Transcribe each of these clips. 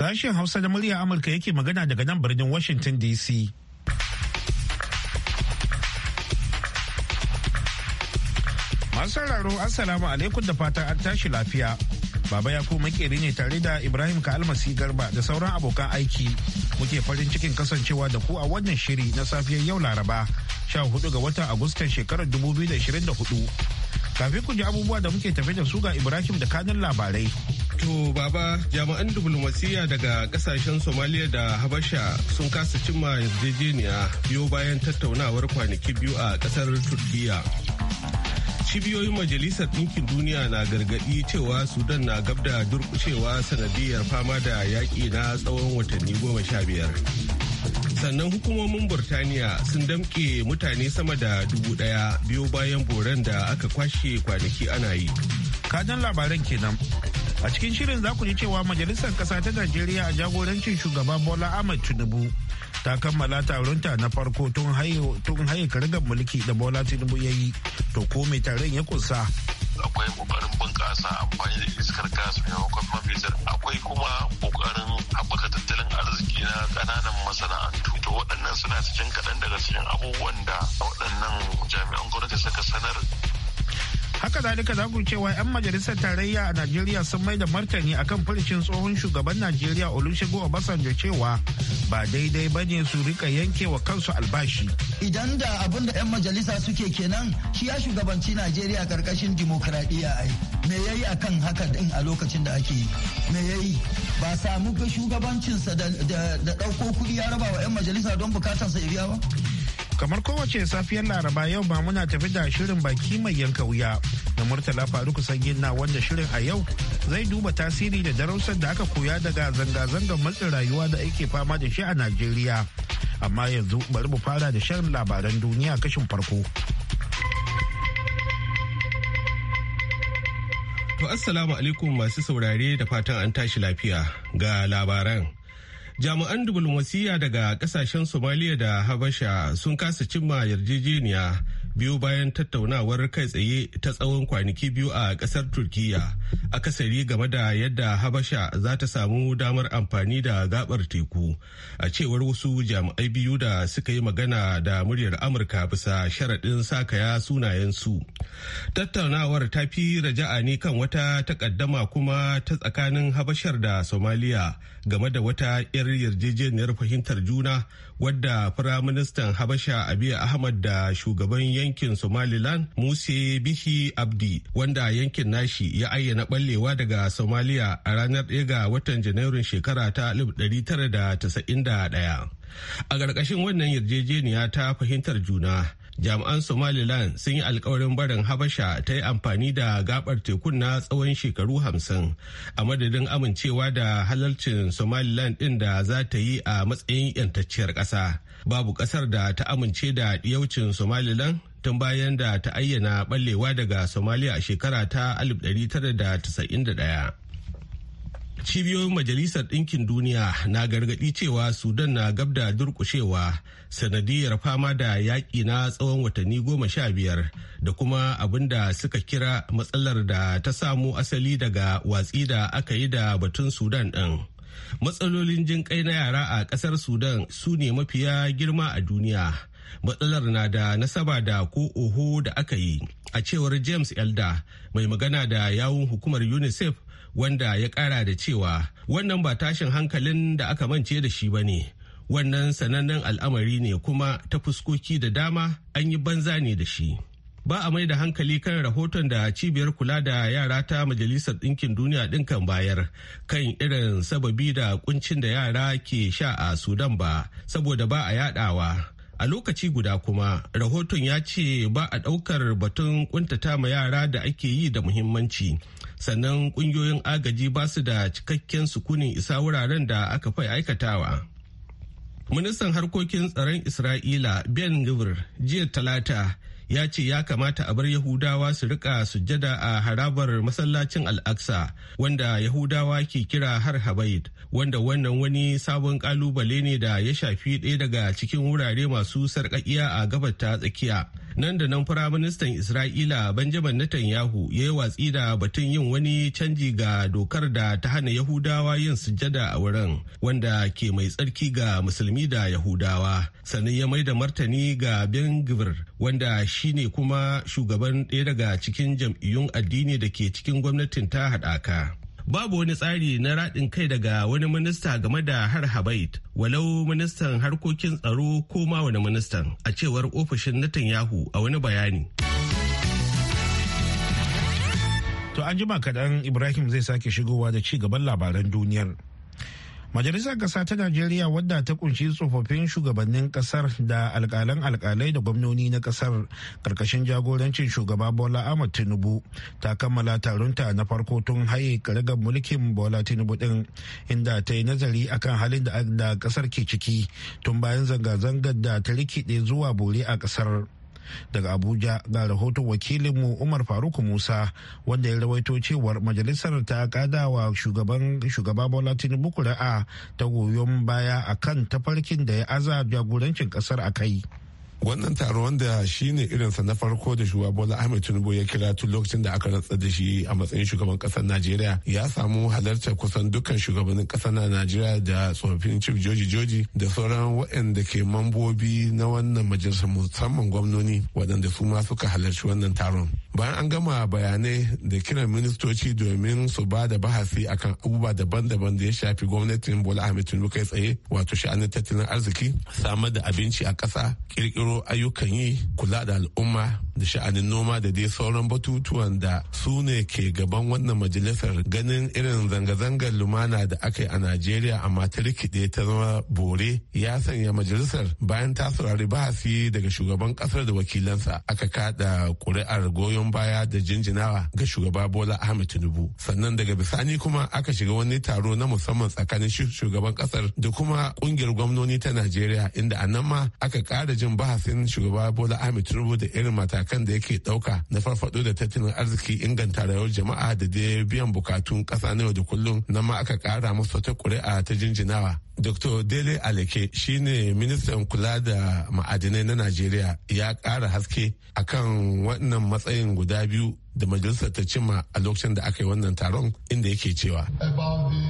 Sashen Hausa da murya Amurka yake magana daga nan birnin Washington DC. Masu sauraro Assalamu alaikum da fatan an tashi lafiya. Baba Yakubu makeri ne tare da Ibrahim Ka'almasi Garba da sauran abokan aiki. Muke farin cikin kasancewa da ku a wannan shiri na safiyar yau Laraba, 14 ga watan Agustan shekarar 2024. kafin ku ji abubuwa da muke tafe da su ga ibrahim da kanin labarai to baba jami'an diplomasiya daga kasashen somaliya da habasha sun kasa cimma yarjejeniya biyo bayan tattaunawar kwanaki biyu a kasar Turkiyya. cibiyoyin majalisar ɗinkin duniya na gargaɗi cewa sudan na gab da durkushewa sanadiyar fama da yaƙi na tsawon watanni goma sha biyar sannan hukumomin burtaniya sun damƙe mutane sama da dubu ɗaya biyo bayan boran da aka kwashe kwanaki ana yi kajan labaran kenan a cikin shirin za ku ji cewa majalisar kasa ta najeriya a jagorancin shugaba bola ahmed tinubu ta kammala taronta na farko tun haye karigar mulki da bola tinubu ya yi to ko mai taron ya kusa akwai kokarin bunƙasa amfani da iskar gas maimakon mafisar akwai kuma kokarin haɓaka tattalin arziki na ƙananan masana'antu to waɗannan suna cikin kaɗan daga cikin abubuwan da waɗannan jami'an gwamnati suka sanar haka zalika za ku cewa 'yan majalisar tarayya a najeriya sun mai da martani akan furcin tsohon shugaban najeriya olusegun obasanjo cewa ba daidai ba ne su rika yanke wa kansu albashi idan da abin da 'yan majalisa suke kenan shi ya shugabanci najeriya karkashin dimokuraɗiyya ai me ya yi akan haka din a lokacin da ake me ya yi ba samu shugabancinsa da ɗauko kuɗi ya raba wa 'yan majalisa don bukatarsa ya biya ba kamar kowace safiyar laraba yau ba muna tafi da shirin baki mai yanka wuya da murtala faruk sanyin na wanda shirin a yau zai duba tasiri da darussan da aka koya daga zanga-zangar matsin rayuwa da ake fama da shi a najeriya amma yanzu bari mu fara da shirin labaran duniya kashin farko to assalamu alaikum masu saurare da fatan an tashi lafiya ga labaran jami'an dubulmasiya daga kasashen somaliya da habasha sun kasa cimma yarjejeniya biyu bayan tattaunawar kai tsaye ta tsawon kwanaki biyu a kasar turkiya akasari game da yadda habasha za ta samu damar amfani da gabar teku a cewar wasu jami'ai biyu da suka yi magana da muryar amurka bisa sharaɗin sakaya sunayensu tattaunawar ta fi raja'a ne kan wata takaddama kuma ta tsakanin habashar da somaliya game da wata 'yar yarjejeniyar fahimtar juna wadda firaministan habasha abiy ahmad da shugaban yankin somaliland Musa bihi abdi wanda yankin nashi ya ayyana ballewa daga somaliya a ranar 1 ga watan janairun shekara ta 1991 a ƙarƙashin wannan yarjejeniya ta fahimtar juna jami'an somaliland sun yi alkawarin barin habasha ta yi amfani da gabar tekun na tsawon shekaru hamsin a madadin amincewa da halarcin somaliland din da za ta yi a matsayin yantacciyar ƙasa babu ƙasar da ta amince da ɗiyaucin somaliland tun bayan da ta ayyana ɓallewa daga somaliya a shekara ta 1991 cibiyoyin majalisar ɗinkin duniya na gargaɗi cewa sudan na gabda da durƙushewa sanadiyar fama da yaƙi na tsawon watanni goma sha biyar da kuma abin da suka kira matsalar da ta samu asali daga watsi da aka yi da batun sudan ɗin matsalolin jin kai na yara a ƙasar sudan su ne mafiya girma a duniya matsalar na da nasaba da ko oho da aka yi a cewar james elder mai magana da yawun hukumar unicef wanda ya kara da cewa wannan ba tashin hankalin da aka mance da shi ba ne wannan sanannen al'amari ne kuma ta fuskoki da dama an yi banza ne da shi ba a mai da hankali kan rahoton da cibiyar kula da yara ta majalisar ɗinkin duniya ɗin kan bayar kan irin sababi da kuncin da yara ke sha a sudan ba saboda ba a yadawa a lokaci guda kuma rahoton ya ce ba a ɗaukar batun kuntata ma yara da ake yi da muhimmanci sannan ƙungiyoyin agaji ba su da cikakken sukunin isa wuraren da aka fai aikatawa ministan harkokin tsaron isra'ila ben gibir jiya talata ya ce ya kamata a bar Yahudawa su rika sujada a harabar masallacin Al-Aqsa wanda Yahudawa ke kira har Habayit wanda wannan wani sabon kalubale ne da ya shafi ɗaya daga cikin wurare masu sarƙaƙiya a gabar ta tsakiya. Nan da nan Firaministan Isra'ila Benjamin Netanyahu ya yi watsi da batun yin wani canji ga dokar da ta hana Yahudawa yin sujada a wurin wanda ke mai tsarki ga musulmi da Yahudawa. Sannan ya mai da martani ga Ben Gvir wanda shine kuma shugaban ɗaya daga cikin jam'iyyun addini da ke cikin gwamnatin ta haɗaka. Babu wani tsari na raɗin kai daga wani minista game da har Habait, walau ministan harkokin tsaro ko ma wani ministan, a cewar ofishin Netanyahu a wani bayani. To an jima kaɗan Ibrahim zai sake shigowa da ci gaban labaran duniyar. Majalisar Ƙasa ta Najeriya wadda ta kunshi tsofaffin shugabannin ƙasar da alƙalan alƙalai da gwamnoni na ƙasar ƙarƙashin jagorancin shugaba Bola Ahmad Tinubu ta kammala taronta na farko tun haye karagar mulkin Bola Tinubu ɗin inda ta yi nazari akan halin da ƙasar ke ciki tun bayan zanga-zangar da ta rikide zuwa bore a ƙasar. daga abuja ga rahoton wakilinmu umar faruk musa wanda ya rawaito cewar majalisar ta wa shugaban shugaba bola tinubu kuri'a ta goyon baya akan tafarkin da ya aza jagorancin kasar a kai wannan taro wanda shi shine irinsa na farko da shugaba bola ahmed tinubu ya kira tun lokacin da aka rantsar da shi a matsayin shugaban kasar najeriya ya samu halartar kusan dukkan shugabannin kasar na najeriya da tsofaffin chief joji joji da sauran waɗanda ke mambobi na wannan majalisar musamman gwamnoni waɗanda su ma suka halarci wannan taron bayan an gama bayanai da kiran ministoci domin su ba da bahasi akan abubuwa daban-daban da ya shafi gwamnatin bola ahmed tinubu kai tsaye wato sha'anin tattalin arziki samar da abinci a ƙasa Ƙirƙiro ayyukan yi kula da al'umma da sha'anin noma da dai sauran batutuwan da su ne ke gaban wannan majalisar ganin irin zanga-zangar lumana da aka yi a najeriya amma ta rikide ta zama bore ya sanya majalisar bayan ta saurari bahasi daga shugaban ƙasar da wakilansa aka kada ƙuri'ar goyon baya da jinjinawa ga shugaba Bola Ahmed Tinubu. Sannan daga bisani kuma aka shiga wani taro na musamman tsakanin shugaban kasar da kuma kungiyar gwamnoni ta Najeriya inda a nan ma aka kara jin bahasin shugaba Bola Ahmed Tinubu da irin matakan da yake ɗauka na farfaɗo da tattalin arziki inganta rayuwar jama'a da dai biyan bukatun kasa na yau da kullum nan ma aka kara masa ta kuri'a ta jinjinawa Dr. Dele Aleke shine ministan kula da ma'adinai na Najeriya ya kara haske akan wannan matsayin guda biyu da majalisar ta cima a lokacin da aka yi wannan taron inda yake cewa. About the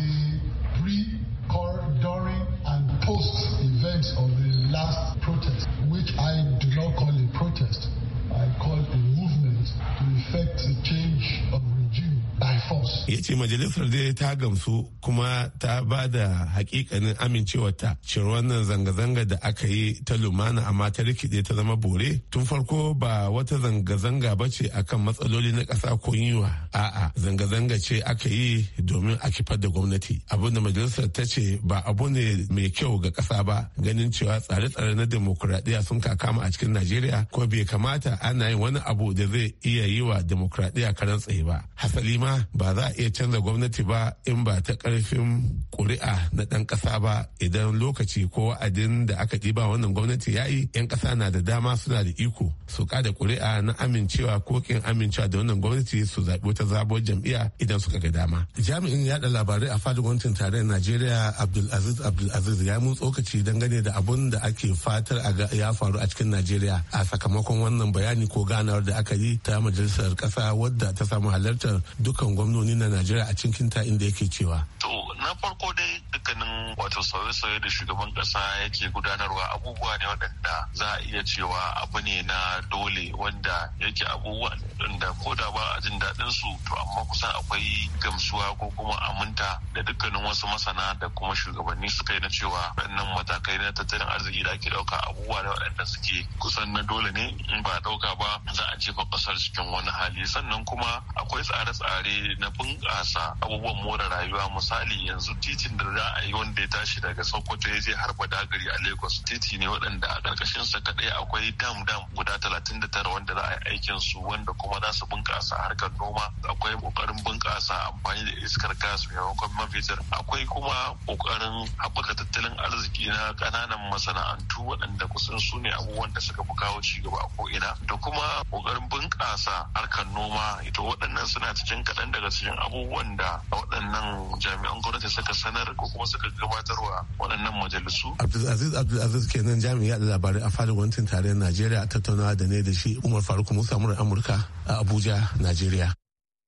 ya ce majalisar dai ta gamsu kuma ta ba da hakikanin amincewarta cin wannan zanga-zanga da aka yi ta lumana amma ta rikide ta zama bore tun farko ba wata zanga-zanga ba ce akan matsaloli na kasa ko yiwa a'a zanga-zanga ce aka yi domin a kifar da gwamnati abin da majalisar ta ce ba abu ne mai kyau ga ƙasa ba ganin cewa tsare-tsare na demokuraɗiyya sun kakama a cikin najeriya ko bai kamata ana yin wani abu da zai iya yi wa demokuraɗiyya karan tsaye ba hasali ma ba za a iya canza gwamnati ba in ba ta karfin kuri'a na ɗan ƙasa ba idan lokaci ko wa'adin da aka ɗiba wannan gwamnati ya yi 'yan ƙasa na da dama suna da iko su kada kuri'a na amincewa ko kin amincewa da wannan gwamnati su zaɓi wata zabuwar jam'iya idan suka ga dama. Jami'in yaɗa labarai a fadin gwamnatin tarayyar Najeriya Abdulaziz Abdulaziz ya mun tsokaci dangane da abun da ake fatar a ga ya faru a cikin Najeriya a sakamakon wannan bayani ko ganawar da aka yi ta majalisar ƙasa wadda ta samu halartar dukkan gwamnoni na najeriya a cikin ta inda yake cewa to na farko dai dukkanin wato sauye-sauye da shugaban kasa yake gudanarwa abubuwa ne waɗanda za a iya cewa abu ne na dole wanda yake abubuwa da ko da ba a jin daɗin su to amma kusan akwai gamsuwa ko kuma aminta da dukkanin wasu masana da kuma shugabanni suka yi na cewa waɗannan matakai na tattalin arziki da ake ɗauka abubuwa da waɗanda suke kusan na dole ne in ba ɗauka ba za a jefa ƙasar cikin wani hali sannan kuma akwai tsare-tsare na bin bunƙasa abubuwan more rayuwa misali yanzu titin da za a yi wanda ya tashi daga sokoto ya je harba dagari a lagos titi ne waɗanda a ƙarƙashin sa kaɗai akwai dam dam guda talatin da tara wanda za a yi aikin su wanda kuma za su bunƙasa harkar noma akwai ƙoƙarin bunƙasa amfani da iskar gas maimakon man mafitar. akwai kuma ƙoƙarin haɓaka tattalin arziki na ƙananan masana'antu waɗanda kusan su ne abubuwan da suka fi kawo ci gaba a ko'ina da kuma ƙoƙarin bunƙasa harkar noma ita waɗannan suna cikin kaɗan daga cikin abubuwan da waɗannan jami'an gwamnati suka sanar ko kuma suka gabatarwa waɗannan majalisu. Abdulaziz Abdulaziz kenan jami'a da labarai a fadar wancan tarayyar Najeriya a tattaunawa da ne da shi Umar Faruk Musa murar Amurka a Abuja, Najeriya.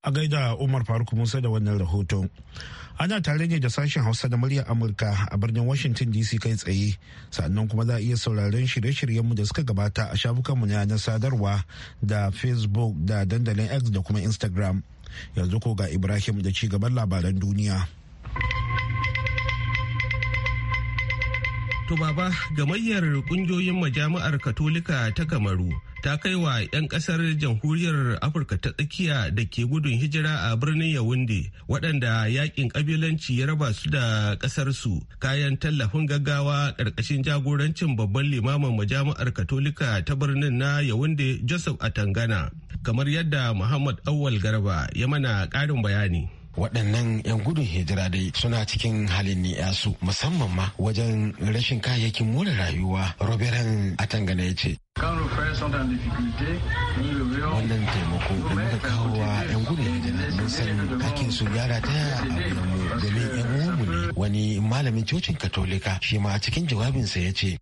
A gaida Umar Faruk Musa da wannan rahoton. ana tare ne da sashen hausa da muryar amurka a birnin washington dc kai tsaye sannan kuma za a iya sauraron shirye-shiryenmu da suka gabata a shafukanmu na yanar sadarwa da facebook da dandalin x da kuma instagram yanzu ko ga ibrahim da ci gaban labaran duniya to baba gamayyar kungiyoyin majami'ar katolika ta kamaru ta kai wa 'yan kasar jamhuriyar afirka ta tsakiya da ke gudun hijira a birnin yawunde waɗanda yakin ƙabilanci ya raba su da su kayan tallafin gaggawa ƙarƙashin jagorancin babban limamin majami'ar katolika ta birnin na yawunde joseph atangana kamar yadda muhammad awal garba ya mana ƙarin bayani waɗannan 'yan gudun hijira dai suna cikin halin yasu musamman ma wajen rashin kayayyakin more rayuwa roberan atangana ya ce wannan taimako da muka kawo wa 'yan gudun hijira mun san hakin su gyara ta a mu domin 'yan uwanmu ne wani malamin cocin katolika shi ma cikin jawabinsa ya ce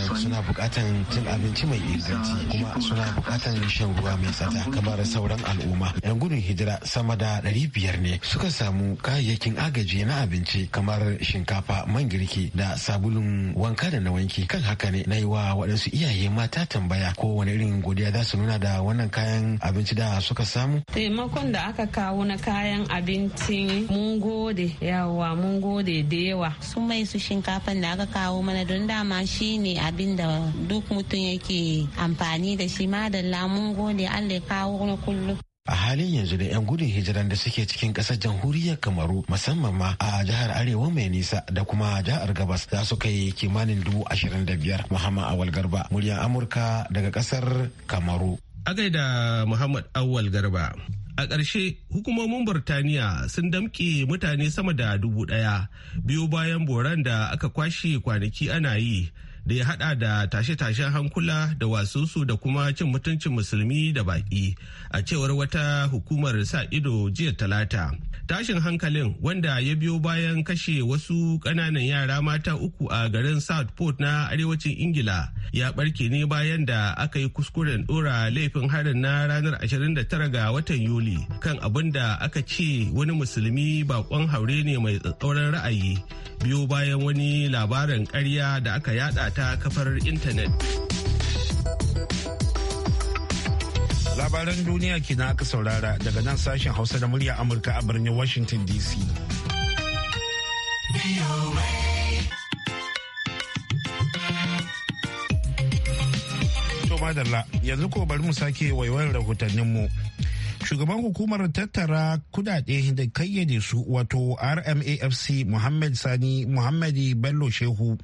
suna bukatan cin abinci mai inganci kuma suna bukatan shan ruwa mai tsada kamar sauran al'umma yan gudun hijira sama da ɗari biyar ne suka samu kayayyakin agaji na abinci kamar shinkafa man girki da sabulun wanka da na wanki kan haka ne na yi wa waɗansu iyaye mata tambaya ko wani irin godiya za su nuna da wannan kayan abinci da suka samu taimakon da aka kawo na kayan abinci. mun gode yawa mun gode da yawa sun mai su shinkafan da aka kawo mana don dama shine abin da duk mutum yake amfani da shi da lamun gode allah kawo na kullum a halin yanzu da 'yan gudun hijiran da suke cikin kasar jamhuriyar kamaru musamman ma a jihar arewa mai nisa da kuma jihar gabas za su kai kimanin dubu ashirin da biyar muhammad awal garba muryar amurka daga kasar kamaru a gaida muhammad awal garba a ƙarshe hukumomin burtaniya sun damƙe mutane sama da dubu ɗaya biyu bayan boran da aka kwashe kwanaki ana yi da ya hada da tashe-tashen hankula da wasusu da kuma cin mutuncin musulmi da baki a cewar wata hukumar sa ido jiya talata tashin hankalin wanda ya biyo bayan kashe wasu kananan yara mata uku a garin southport na arewacin ingila ya barke ne bayan da aka yi kuskuren dora laifin harin na ranar 29 ga watan yuli kan abin da aka ce wani musulmi bakon haure ne mai tsatsauran ra'ayi biyo bayan wani labarin karya da aka yada ta kafar intanet. Labaran duniya ke aka saurara daga nan sashen Hausa da murya Amurka a birnin Washington DC. madalla yanzu ko bari mu sake waiwayar rahotanninmu. Shugaban hukumar tattara kudade da kayyade su wato RMAFC Muhammad Sani muhammadu Bello Shehu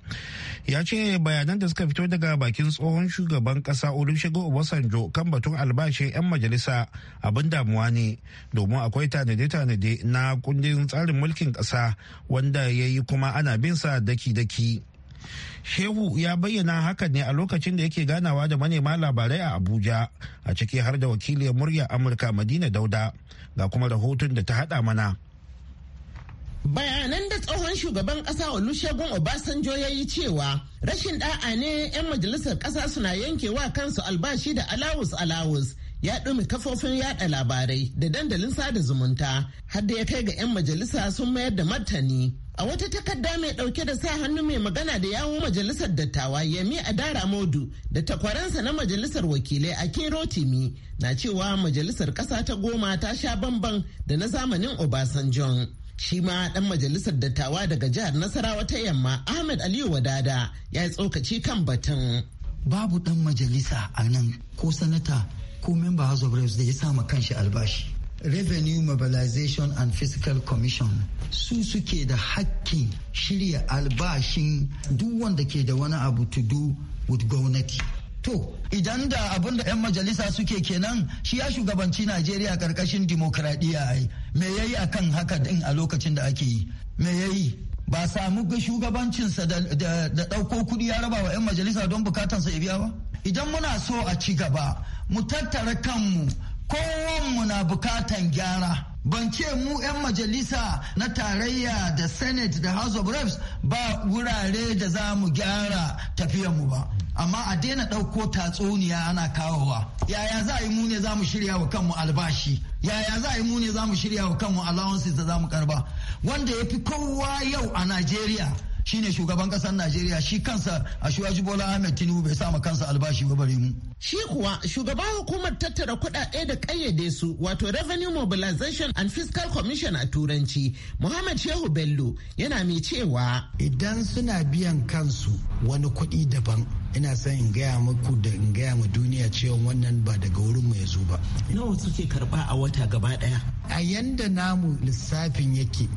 ya ce bayanan da suka fito daga bakin tsohon shugaban kasa olusegun obasanjo kan batun albashin 'yan majalisa abin damuwa ne domin akwai tanade-tanade na kundin tsarin mulkin kasa wanda ya yi kuma ana bin sa daki-daki shehu ya bayyana hakan ne a lokacin da yake ganawa da manema labarai a abuja a ciki har da wakiliyar murya amurka madina dauda ga kuma rahoton da ta hada mana bayanan da tsohon shugaban kasa olusegun obasanjo ya yi cewa rashin da'a ne 'yan majalisar kasa suna yankewa kansu albashi da alawus alawus ya ɗumi kafofin yada labarai da dandalin sada zumunta har da ya kai ga 'yan majalisa sun mayar da martani a wata takarda mai ɗauke da sa hannu mai magana da yawun majalisar dattawa yami adara modu da takwaransa na majalisar wakilai a rotimi na cewa majalisar ƙasa ta goma ta sha bamban da na zamanin obasanjo shi ma dan majalisar dattawa daga jihar nasarawa ta yamma ahmed aliyu wadada ya yi tsokaci kan batun babu dan majalisa a nan ko sanata ko member house of reps da ya sama kanshi albashi revenue mobilization and fiscal commission su suke da hakkin shirya albashin duk wanda ke da wani abu to do with gwamnati To idan da abin da 'yan majalisa suke kenan shi ya shugabanci Najeriya karkashin dimokuraɗiyya ai. Me ya yi a kan haka din a lokacin da ake yi? Me ya yi? Ba samu shugabancinsa da ɗauko kuɗi ya raba wa 'yan majalisa don bukatansa ya biya ba? Idan muna so a ci gaba, mu tattara kanmu, kowanmu na bukatan gyara. ban ce mu 'yan majalisa na tarayya da senate da house of reps ba wurare da za mu gyara tafiyanmu ba amma a daina ɗauko tatsuniya ana kawowa yaya za a yi mu ne za mu shirya wa kanmu albashi yaya za a yi mu ne za mu shirya wa kanmu allowances da za mu karba wanda ya fi kowa yau a najeriya shine shugaban kasar Najeriya shi kansa a shuwaji Bola Ahmed Tinubu bai sa ma kansa albashi ba bare mu. Shi kuwa shugaban hukumar tattara kuɗaɗe da ƙayyade su wato Revenue Mobilization and Fiscal Commission a Turanci Muhammad Shehu Bello yana mai cewa. Idan suna biyan kansu wani kuɗi daban ina son in gaya muku da in gaya ma duniya cewa wannan ba daga wurin mu ya zo ba. Nawa suke karɓa a wata gaba ɗaya? A yanda namu lissafin yake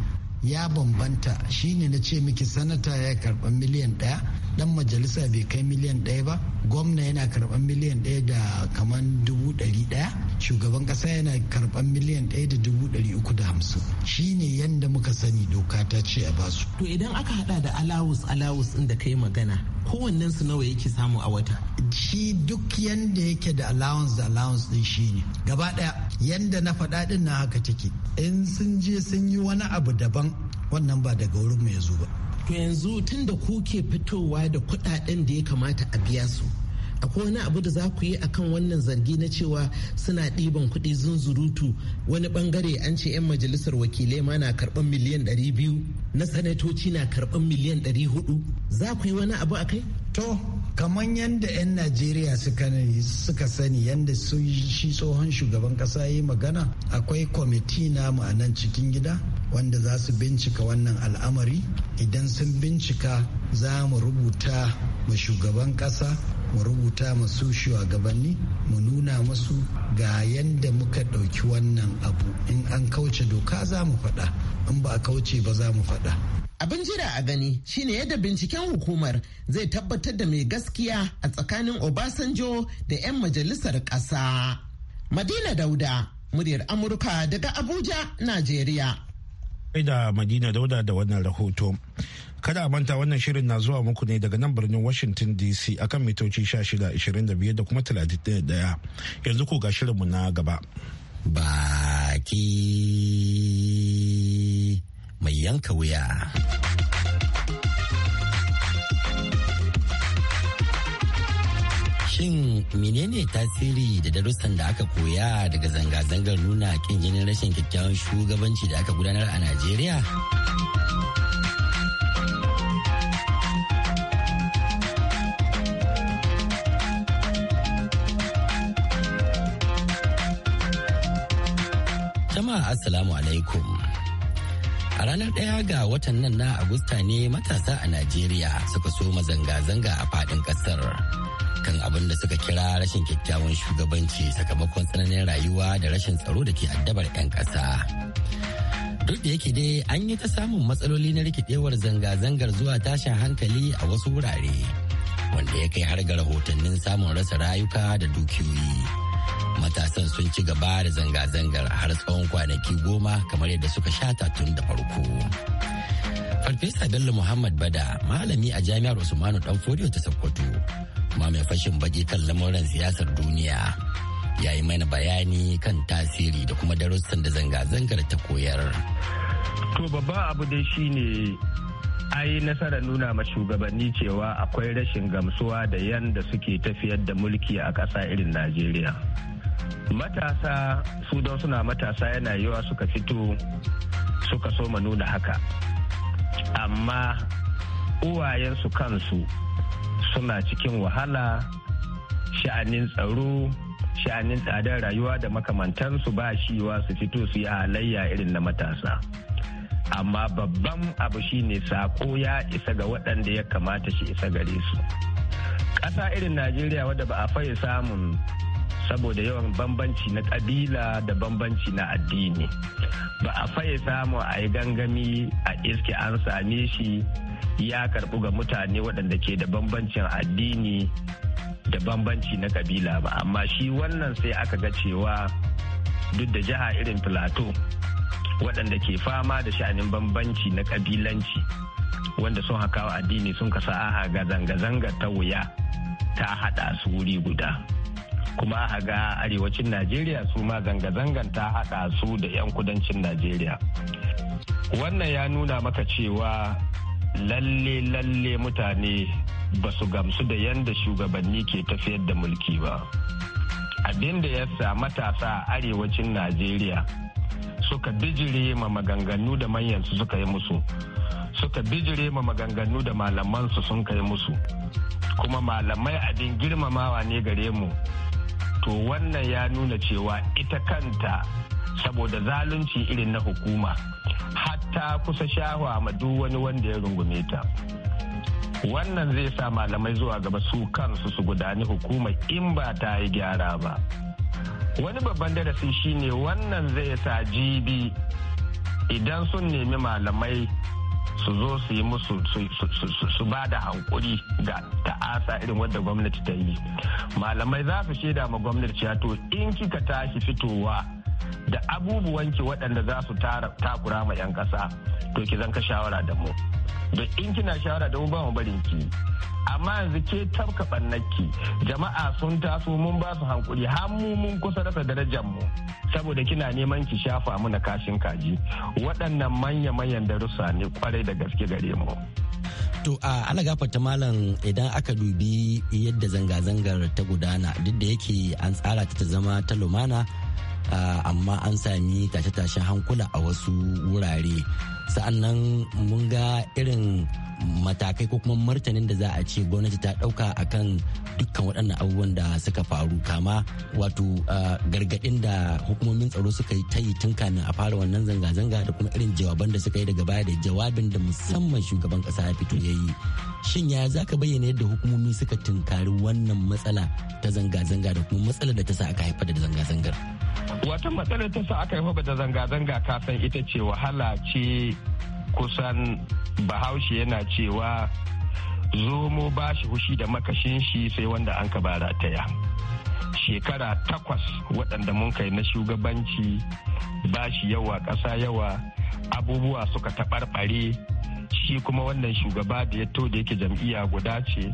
ya bambanta shine na ce miki sanata ya karba miliyan ɗaya dan majalisa bai kai miliyan ɗaya ba gwamna yana karban miliyan ɗaya da kaman dubu ɗari ɗaya shugaban ƙasa yana karban miliyan ɗaya da dubu ɗari uku da hamsin shine yanda muka sani doka ta ce a basu. to idan aka hada da alawus alawus ɗin da kai magana kowannen su nawa yake samu a wata. shi duk yanda yake da allowance da allowance ɗin shine gaba ɗaya yadda na faɗa ɗin na haka take in sun je sun yi wani abu daban wannan ba daga wurin mu ya ba to yanzu tun da kuke fitowa da kuɗaɗen da ya kamata a biya su akwai wani abu da za ku yi a kan wannan zargi na cewa suna ɗiban kuɗi zunzurutu wani bangare an ce 'yan majalisar wakilai ma na karɓar miliyan ɗari biyu na sanatoci na karɓar miliyan ɗari huɗu za ku yi wani abu akai to kamar yadda 'yan najeriya suka sani yadda shi tsohon shugaban kasa yi magana akwai kwamiti na ma'anan cikin gida wanda za su bincika wannan al'amari idan sun bincika za mu rubuta ma shugaban kasa mu rubuta masu shugabanni mu nuna masu ga yadda muka ɗauki wannan abu in an kauce doka za mu faɗa in ba a kauce ba za mu faɗa Abin jira a gani shine yadda binciken hukumar zai tabbatar da mai gaskiya a tsakanin Obasanjo da 'yan majalisar ƙasa. Madina Dauda, muryar Amurka daga Abuja, Najeriya. da Madina Dauda da wannan rahoto. Kada a manta wannan shirin na zuwa muku ne daga nan birnin Washington DC akan mitoci 16, 25 da kuma 31. Yanzu ku ga shirinmu na gaba. Baki mai yanka wuya. Shin menene tasiri da darussan da aka koya daga zanga-zangar nuna kin jinin rashin kyakkyawan shugabanci da aka gudanar a Najeriya? Jama'a Assalamu alaikum. ranar ɗaya ga watan nan na Agusta ne matasa a Najeriya suka soma zanga-zanga a faɗin ƙasar. Kan abin da suka kira rashin kyakkyawan shugabanci sakamakon tsananin rayuwa da rashin tsaro da ke addabar 'yan ƙasa. Duk da yake dai an yi ta samun matsaloli na rikidewar zanga-zangar zuwa tashin hankali a wasu wurare, wanda ya kai har ga rahotannin samun rasa rayuka da dukiyoyi. matasan sun ci gaba da zanga-zangar har tsawon kwanaki goma kamar yadda suka shata tun da farko farfesa bello muhammad bada malami a jami'ar usmanu danfodiyo ta sokoto kuma mai fashin baje kan lamuran siyasar duniya ya yi mana bayani kan tasiri da kuma darussan da zanga-zangar ta koyar to babban abu dai shine ai nasarar nuna ma shugabanni cewa akwai rashin gamsuwa da yanda suke tafiyar da mulki a ƙasa irin najeriya matasa su don suna matasa yana yiwa suka fito suka so ma nuna haka amma uwayensu kansu suna cikin wahala sha'anin tsaro sha'anin tsadar rayuwa da makamantansu ba shiwa su fito su yi halayya irin na matasa amma babban abu shine sako ya isa ga waɗanda ya kamata shi isa gare su ƙasa irin najeriya wadda ba a faye samun saboda yawan bambanci na ƙabila da bambanci na addini ba a faye samu a yi gangami a iske an same shi ya karɓu ga mutane waɗanda ke da bambancin addini da bambanci na kabila ba amma shi wannan sai aka ga cewa duk da jiha irin filato waɗanda ke fama da sha'anin bambanci na ƙabilanci wanda sun haka addini sun kasa aha ga zanga-zanga ta wuya ta haɗa su wuri guda kuma a ga arewacin najeriya su ma zanga-zangan ta haɗa su da 'yan kudancin najeriya wannan ya nuna maka cewa lalle-lalle mutane ba su gamsu da yadda shugabanni ke tafiyar da mulki ba Abinda da ya sa matasa a arewacin najeriya suka bijire ma maganganu da manyansu suka yi musu suka bijire ma maganganu da malamansu sun kai musu kuma malamai abin girmamawa ne gare mu to wannan ya nuna cewa ita kanta saboda zalunci irin na hukuma hatta kusa shahwa ma duk wani wanda ya rungume ta wannan zai sa malamai zuwa gaba su kansu su gudani hukuma in ba ta yi gyara ba wani babban darasi shine wannan zai sa jibi idan sun nemi malamai su zo su yi musu su ba da hankuri ga ta'asa irin wadda gwamnati ta yi malamai za su shaida ma gwamnati ya to in kika tashi fitowa da abubuwan ki waɗanda za su takura ma 'yan ƙasa to ki zan shawara da mu da in kina shawara da mu ba mu barin ki amma yanzu ke tabka ɓannaki jama'a sun taso mun ba su hankuri har mu mun kusa rasa darajar mu saboda kina neman ki shafa mu na kashin kaji waɗannan manya-manyan darussa ne kwarai da gaske gare mu to a alagafata malam idan aka dubi yadda zanga-zangar ta gudana duk da yake an tsara ta ta zama ta lumana Ah, amma an sami tashe-tashen hankula a wasu wurare sa'annan mun ga irin matakai ko kuma martanin da za a ce gwamnati ta dauka akan dukkan waɗannan abubuwan da suka faru kama wato ah, gargaɗin da hukumomin tsaro suka yi ta yi tun kamin a fara wannan zanga-zanga da kuma irin jawaban da suka yi daga baya da jawabin da musamman shugaban ƙasa ya fito ya yi shin yaya za ka bayyana yadda hukumomi suka tunkari wannan matsala ta zanga-zanga da kuma matsalar da ta sa aka haifar da zanga-zangar wata matsalar ta sa aka yi da zanga-zanga kasan ita ce wahala ce kusan bahaushe yana cewa zomo ba shi hushi da makashin shi sai wanda an ka bara taya shekara takwas waɗanda mun kai na shugabanci ba shi yawa ƙasa yawa abubuwa suka taɓarɓare shi kuma wannan shugaba da ya to da yake jam'iyya guda ce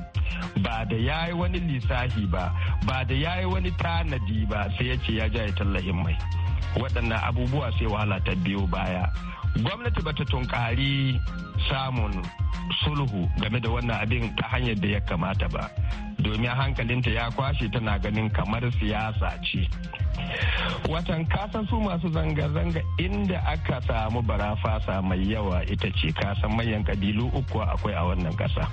ba da ya yi wani lissafi ba ba da ya yi wani tanadi ba sai ya ce ya ja ya tallahin mai waɗannan abubuwa sai wahala ta biyo baya gwamnati bata tunkari samun sulhu game da wannan abin ta hanyar da ya kamata ba domin hankalinta ya kwashe tana ganin kamar siyasa ce watan kasan su masu zanga-zanga inda aka samu barafasa mai yawa ita ce kasan manyan kabilu uku akwai a wannan kasa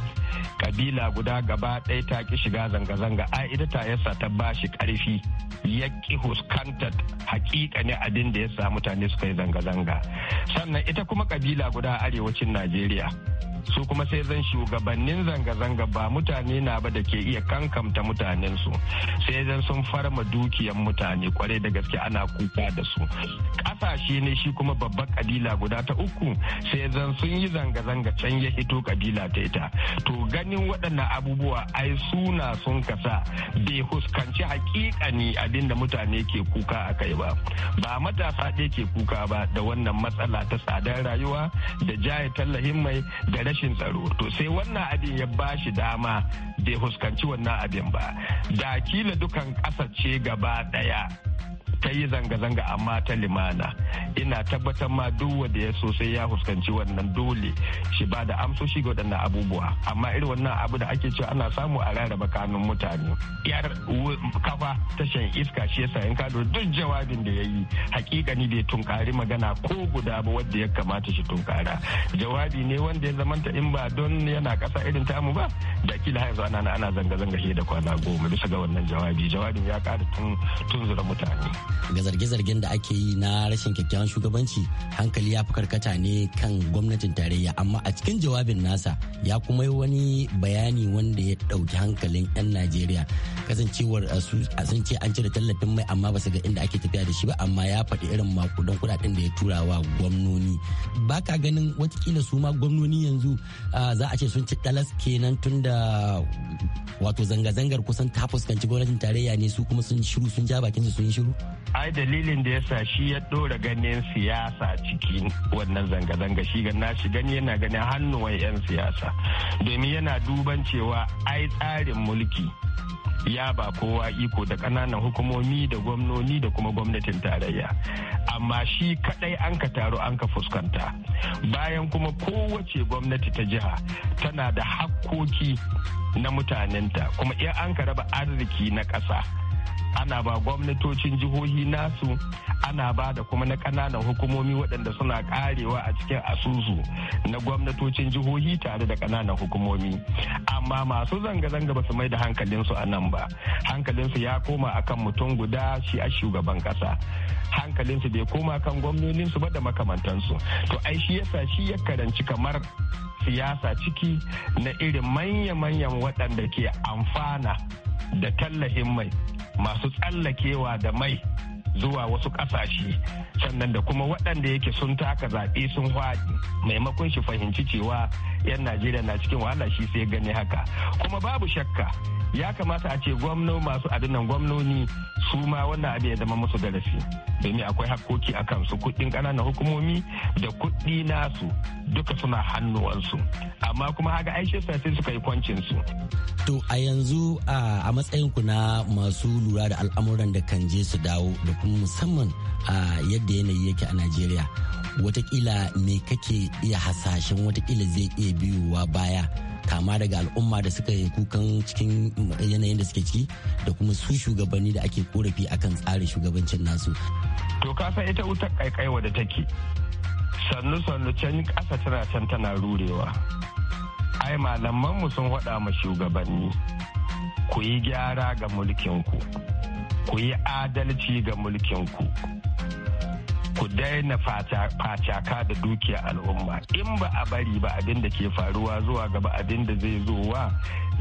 kabila guda gaba ɗaya ta ki shiga zanga-zanga a ita ta yasa ta ba shi ƙarfi ya ki huskantar hakika ne abin da ya sa mutane suka yi zanga-zanga sannan ita kuma kabila guda arewacin najeriya su kuma sai zan shugabannin zanga-zanga ba mutane na ba da ke iya kankamta su sai zan sun farma dukiyan mutane kwarai da gaske ana kuka da su ƙasashe ne shi kuma babbar kabila guda ta uku sai zan sun yi zanga-zanga can ya hito kabila ta ita to ganin waɗannan abubuwa ai suna sun kasa bai huskanci hakikani abin da mutane ke kuka a kai ba ba matasa ɗaya ke kuka ba da wannan matsala ta tsadar rayuwa da jaye tallahin mai da rashin rashin tsaro to sai wannan abin ya ba shi dama bai huskanci wannan abin ba da kila dukan ƙasa ce gaba ɗaya ta yi zanga-zanga amma ta limana ina tabbatar ma duk wanda ya sosai ya fuskanci wannan dole shi ba da amsoshi ga waɗannan abubuwa amma irin wannan abu da ake cewa ana samu a rarraba kanun mutane yar kafa tashan iska shi yasa in ka duk jawabin da ya yi ni bai tunkari magana ko guda ba wanda ya kamata shi tunkara jawabi ne wanda ya zamanta in ba don yana kasa irin tamu ba da kila yanzu ana ana zanga-zanga shi da kwana goma bisa ga wannan jawabi jawabin ya ƙara tunzura mutane ga zarge-zargen da ake yi na rashin kyakkyawan shugabanci hankali ya fi karkata ne kan gwamnatin tarayya amma a cikin jawabin nasa ya kuma yi wani bayani wanda ya ɗauki hankalin 'yan najeriya kasancewar eh, sun ce an cire tallafin mai amma ba su ga inda ake tafiya da shi ba amma ya faɗi irin makudan kuɗaɗen da ya tura wa gwamnoni ba ka ganin watakila su ma gwamnoni yanzu eh, za a ce sun ci ɗalas kenan tun da wato zanga-zangar kusan ta fuskanci gwamnatin tarayya ne su kuma sun shiru sun ja bakin su sun shiru ai dalilin da ya sa shi ya ɗora ganin siyasa cikin wannan zanga-zanga shi ga shi gani yana ganin hannuwan 'yan siyasa domin yana duban cewa ai tsarin mulki ya ba kowa iko da ƙananan hukumomi da gwamnoni da kuma gwamnatin tarayya amma shi kadai an ka taru an ka fuskanta bayan kuma kowace gwamnati ta jiha tana da hakkoki na mutanenta kuma in an ka raba arziki na ƙasa ana ba gwamnatocin jihohi nasu ana ba da kuma na kananan hukumomi waɗanda suna karewa a cikin asusu na gwamnatocin jihohi tare da kananan hukumomi amma masu zanga-zanga ba su mai da hankalinsu a nan ba hankalinsu ya koma akan mutum guda shi a shugaban ƙasa hankalinsu bai koma kan gwamnoninsu ba da makamantansu to ai shi yasa shi ya karanci kamar siyasa ciki na irin manya-manyan waɗanda ke amfana da tallafin mai masu tsallakewa da mai zuwa wasu kasashe sannan da kuma waɗanda yake sun taka zaɓe sun haɗi maimakon shi fahimci cewa 'yan najeriya na cikin wahala shi sai gani haka kuma babu shakka ya kamata a ce gwamno masu adunan gwamnoni su ma wannan abin ya zama musu darasi domin akwai hakkoki a kansu kuɗin ƙananan hukumomi da kuɗi nasu duka suna hannuwansu amma kuma haka aishe sai suka yi kwancin su. to a yanzu a matsayin ku na masu lura da al'amuran da kan je su dawo da musamman a yadda yanayi yake a najeriya watakila ne kake iya hasashen watakila zai iya biyowa baya kama daga al'umma da suka yi kukan cikin yanayin da suke ciki da kuma su shugabanni da ake korafi akan tsarin shugabancin nasu to kasa ita wutar kaikaiwa da take sannu sannu can ƙasa tana can tana rurewa ai malamanmu sun faɗa ma shugabanni ku yi gyara ga mulkinku ku yi adalci ga mulkinku ku daina facaka da dukiya al'umma in ba a bari ba abin da ke faruwa zuwa gaba abin da zai zowa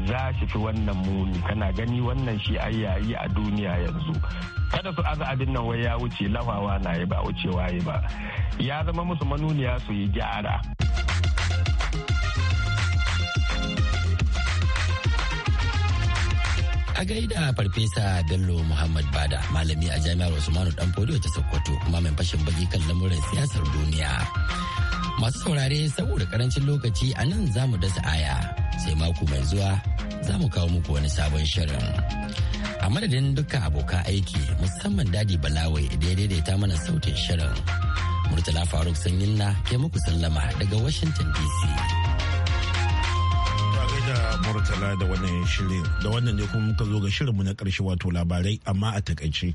za shi fi wannan muni kana gani wannan shi ai yayi a duniya yanzu kada su aza abin nan wai ya wuce lafawa na yi ba wucewa yi ba ya zama musu manuniya su yi gyara. A gaida Farfesa Bello Muhammad Bada, malami a Jami'ar Usmanu Danfodiyo ta Sokoto, kuma mai fashin baki kan lamuran siyasar duniya. Masu saurare saboda karancin lokaci a nan za mu dasa aya, sai mako mai zuwa za mu kawo muku wani sabon shirin. A madadin duka abokan aiki musamman Dadi Balawai da ya daidaita mana sautin shirin. Murtala Faruk Sanyin na ke muku sallama daga Washington DC. Murtala da wannan shirin. Da wannan ne kuma muka zo ga shirinmu na karshe wato labarai amma a takaice.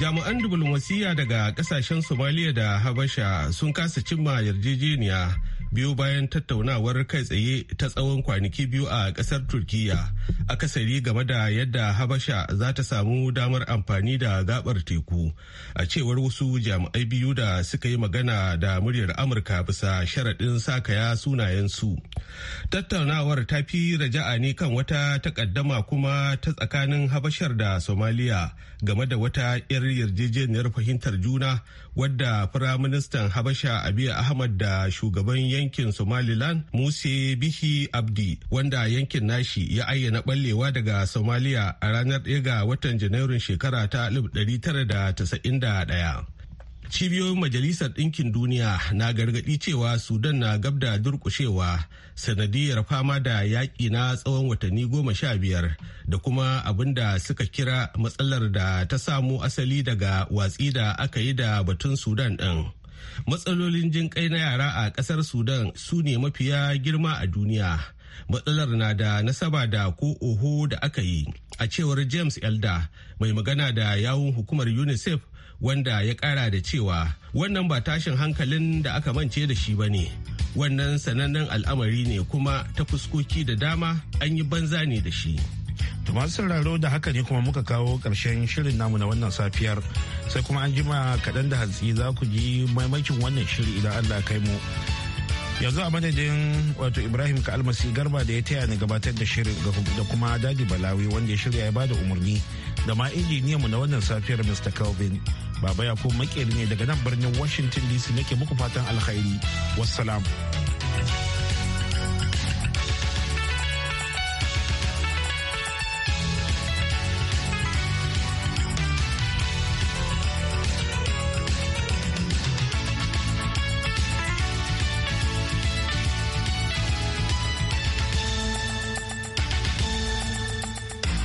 Jami'an diflomasiyya daga kasashen Somaliya da Habasha sun kasa cimma yarjejeniya biyu bayan tattaunawar kai tsaye ta tsawon kwanaki biyu a kasar turkiya akasari game da yadda habasha za ta samu damar amfani da gabar teku a cewar wasu jami'ai biyu da suka yi magana da muryar amurka bisa sharaɗin sakaya sunayensu tattaunawar ta fi raja'a ne kan wata takaddama kuma ta tsakanin habashar da somaliya game da wata 'yar yarjejeniyar fahimtar juna wadda firaministan habasha abiya ahmad da shugaban yankin yankin somaliland muse bihi abdi wanda yankin nashi ya ayyana ballewa daga somaliya a ranar 1 ga watan janairun shekara ta 1991 cibiyoyin majalisar ɗinkin duniya na gargaɗi cewa sudan na gabda durƙushewa sanadiyar fama da yaƙi na tsawon watanni goma sha biyar da kuma abin da suka kira matsalar da ta samu asali daga watsi da aka yi da batun sudan ɗin. matsalolin jin kai na yara a kasar sudan su ne mafiya girma a duniya matsalar na da nasaba da ko oho da aka yi a cewar james elda mai magana da yawun hukumar unicef wanda ya kara da cewa wannan ba tashin hankalin da aka mance da shi ba ne wannan sanannen al'amari ne kuma ta fuskoki da dama an yi banza ne da shi. Tumar sauraro da haka ne kuma muka kawo ƙarshen shirin namu na wannan safiyar sai kuma an jima kaɗan da hantsi za ku ji maimakin wannan shiri idan Allah kai mu. Yanzu a madadin wato Ibrahim ka almasi garba da ya taya ni gabatar da shirin da kuma Dadi Balawi wanda ya shirya ya bada umarni da ma mu na wannan safiyar Mr. Calvin. Baba ya ko makeri ne daga nan birnin Washington DC nake muku fatan alkhairi. Wassalam.